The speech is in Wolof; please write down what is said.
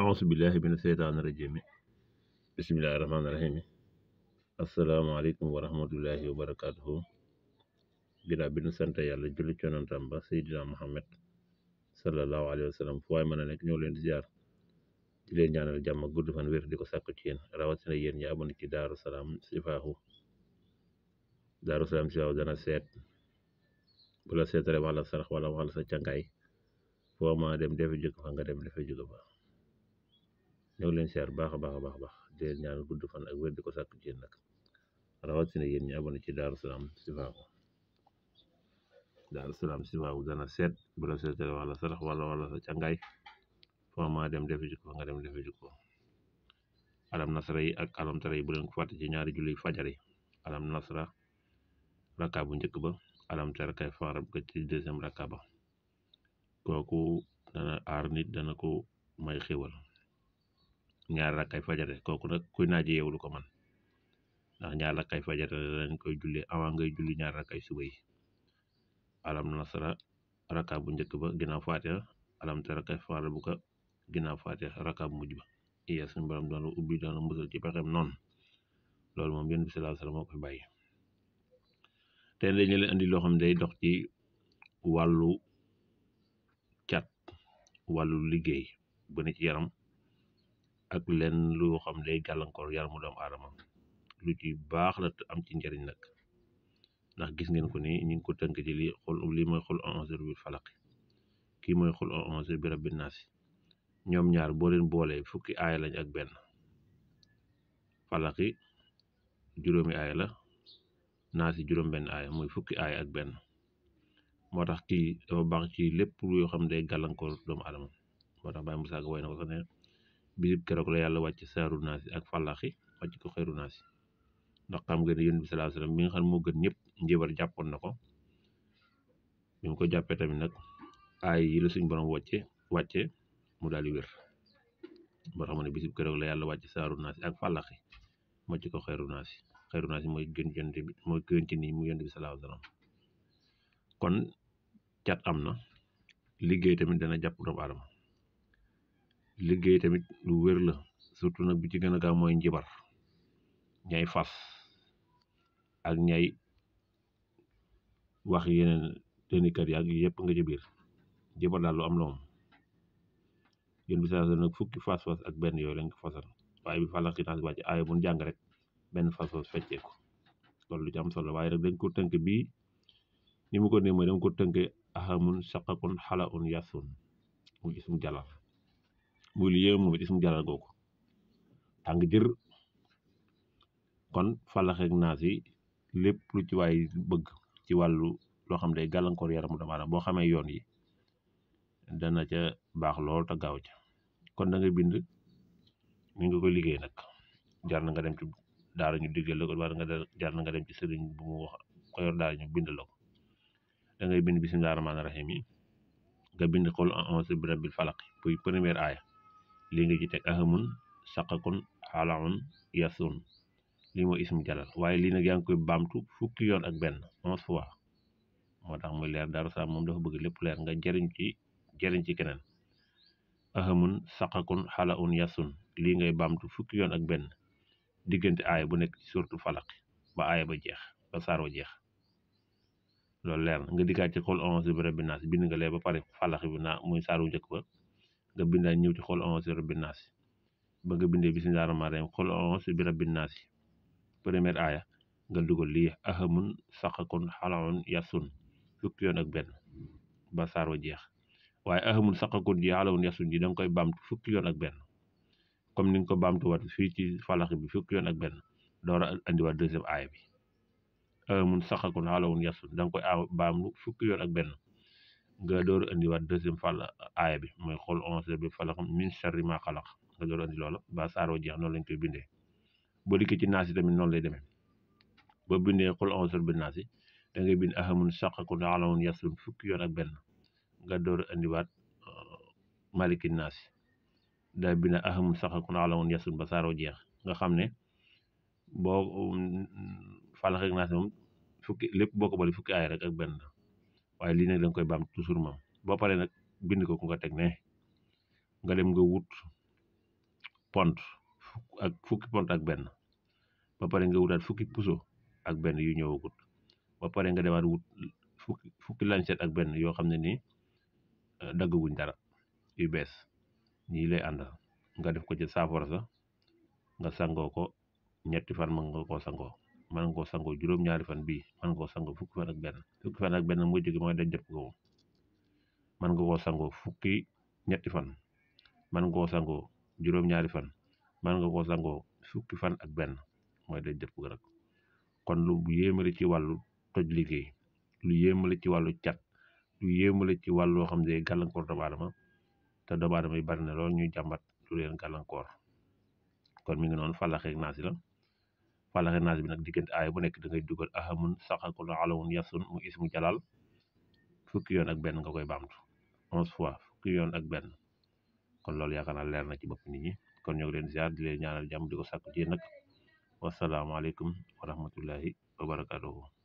auzu billahi mina seytaani rajiim bismillahi rahmaani rahiim asalaamaaleykum wa rahmatullahi wa barakaatuhu ginnaaw bi ñu sant yàlla julli ci yonentam ba Muhammad sallallahu alayhi wa sallam fu waay mën a nekk ñoo leen di ziar di leen ñaanal jàmm ak gudd fan wér di ko sàkku ci yéen rawatina yéen ñi abonné ci Daaru Salaam dana seet bu la seetare wax la sarax wala sa càngaay foo ma dem defe jóg fa nga fa ñoo ngi leen siyaar baax a bax a baax baax di leen ñaan gudd fan ak wér di ko sàkk ci yéen nag rawatina yéen ñu abonné ci Daaru Salaam Chifaou Daaru Salaam Chifaou dana seet bu la seetee wala wala wala sa càngaay foo ma dem defi ji ko nga dem defi ji alam nasara yi ak alam tara yi bu leen ci ñaari julli fajar yi alam nasara rakka bu njëkk ba alam tara kay faarab ko ci deuxième rakka ba kooku dana aar nit dana ko may xéwal ñaar rakkay fajar kooku nag kuy naaje yeewu du ko man ndax ñaar rakkay fajar dañ koy julli avant ngay julli ñaar rakkay suba yi alam nasara rakka bu njëkk ba ginnaaw faatiha alam te rakka faara bu ka ginnaaw faatiha rakka suñu borom doon ubbi doon musal ci pexem noonu loolu moom yéen bi sallallahu alayhi wasallam moo ko fi bàyyi te dañu loo xam ne day dox ci wàllu cat wàllu liggéey bu ci yaram ak leen lu xam day gàllankoor yaramu doom aadama lu ci baax la am ci njariñ nag ndax gis ngeen ko ni ñu ngi ko tënk ci li xul lii mooy xul onze bi falaq kii mooy xul onze bi rabbi naas ñoom ñaar boo leen boolee fukki aaya lañ ak benn falaqi juróomi aaya la naasi juróom benn aaya muy fukki aaya ak benn moo tax kii dafa baax ci lépp loo xam day gàllankoor doomu aadama moo tax Baye Moussa Ka woy na ko ne bisib keroog la yàlla wàcc saaru naasi ak fàllaxi wàcc ko xeeru naasi xam nga ne yonent bi salaa salaam mi nga xam moo gën ñëpp njébar jàppoon na ko bi ko jàppee tamit nag aay la suñ borom wàcce wàcce mu daal di wér boo xam la yàlla wàcc saaru naasi ak fàllaxi wàcc ko xeeru naasi xeeru naasi mooy gën yonent bi mooy gën ci nii mu yonent bi kon cat am na liggéey tamit dana jàpp doomu aadama liggéey tamit lu wér la surtout nag bi ci gën a gaaw mooy njibar ñay fas ak ñay wax yeneen tenikat yaag yëpp nga ci biir njibar daal lu am la moom yéen bi saa nag fukki fas-fas ak benn yooyu lañ ko fasal waaye bi bu jàng rek benn fas-fas loolu lu ci solo waaye rek dañ ko tënk bii ni mu ko néew mooy dama ko tënk ahamun saqakun xala un yasun mu ismu jalal muy lu yéem moom it ismu jalal googu tàng jër kon fàllax naas yi lépp lu ci waay bëgg ci wàllu loo xam day gàllankoor yaramu doomu aadama boo xamee yoon yi dana ca baax lool te gaaw ca kon da nga bind mi nga ko liggéey nak jar na nga dem ci daara ñu diggal la ko wala nga jar na nga dem ci sëriñ bu mu wax ko ñu bind la ko da ngay bind bismillaahi rahmaani rahiim yi nga bind xul en bi rabbil falaq buy première aaya li nga ci teg ahamun saqakun xalaun yasun lii mooy ismu jalal waaye lii nag yaa ngi koy baamtu fukki yoon ak benn onze fois moo tax muy leer Daaru Salaam moom dafa bëgg lépp leer nga jëriñ ci jëriñ ci keneen ahamun saqakun xalaun yasun lii ngay baamtu fukki yoon ak benn diggante aay bu nekk ci surtu falaq ba aaya ba jeex ba saar wa jeex loolu leer na nga dikkaat ci xool onze bi rabbi naas bind nga lee ba pare falax bi naa muy saaru njëkk ba nga bindaat ñëw ci xool onze rabbi naas ba nga bindee bismillahi rahmaani rahim xool onze bi rabbi naas première aaya nga dugal lii ahamun saqakun xalaun yasun fukki yoon ak benn ba jeex waaye ahamun saqakun ji xalaun yasun ji da koy baamtu fukki yoon ak benn comme ni nga ko baamtuwaat fii ci falax bi fukki yoon ak benn door a andiwaat deuxième aaya bi ahamun saqakun xalaun yasun da koy baamtu fukki yoon ak ben nga door indiwaat deuxième fàll aaya bi mooy xool onze heures bi falaq min sharri ma xalaq nga door indi loola ba saaroo jeex noonu lañ koy bindee boo dikkee ci naas yi tamit noonu lay demee boo bindee xool onze heures bi naas yi da ngay bind ahamun saqakun alamun yaslum fukki yoon ak nga door indiwaat euh, maliki naas yi daa ba saaroo jeex nga xam ne boo mm, mm, fàllax ak naas moom fukki lépp boo ko bale fukki aaya rek ak benn waaye lii nag da koy baam toujours moom boo paree nag bind ko ku nga teg ne nga dem nga wut pont ak fukki pont ak benn ba pare nga wutaat fukki puso ak benn yu ñëwagut ba pare nga demaat wut fukki fukki ak benn yoo xam ne nii eh, daggaguñ dara yu bees ñii lay ànd nga def ko ci saafara sa nga sangoo ko ñetti fan mën nga koo sangoo. mën nga koo sangoo juróom-ñaari fan bii mën nga koo fukki fan ak benn fukki fan ak benn mujj gi mooy daj dëpp googu nga koo sangoo fukki ñetti fan mën nga koo sangoo juróom-ñaari fan mën nga koo sangoo fukki fan ak benn mooy daj dëpp rek kon lu yéemale ci wàllu toj liggéey lu yéemale ci wàllu cat lu yéemale ci wàllu loo xam ne gàllankoor doomu aadama te doomu aadama yi bari na lool ñuy jàmbat lu leen gàllankoor kon mi ngi noonu fàllaxeeg naasi la falaxinaas bi nag diggante aaya bu nekk da ngay dugal ahamun saqakul alawun yasun mu ismu jalal fukki yoon ak benn nga koy baamtu onze fois fukki yoon ak benn kon loolu yaakaar naa leer na ci bopp nit ñi kon ñoo ngi leen ziar di leen ñaanal jàmm di ko sàkku ci nag wasalaamaaleykum wa rahmatullahi wa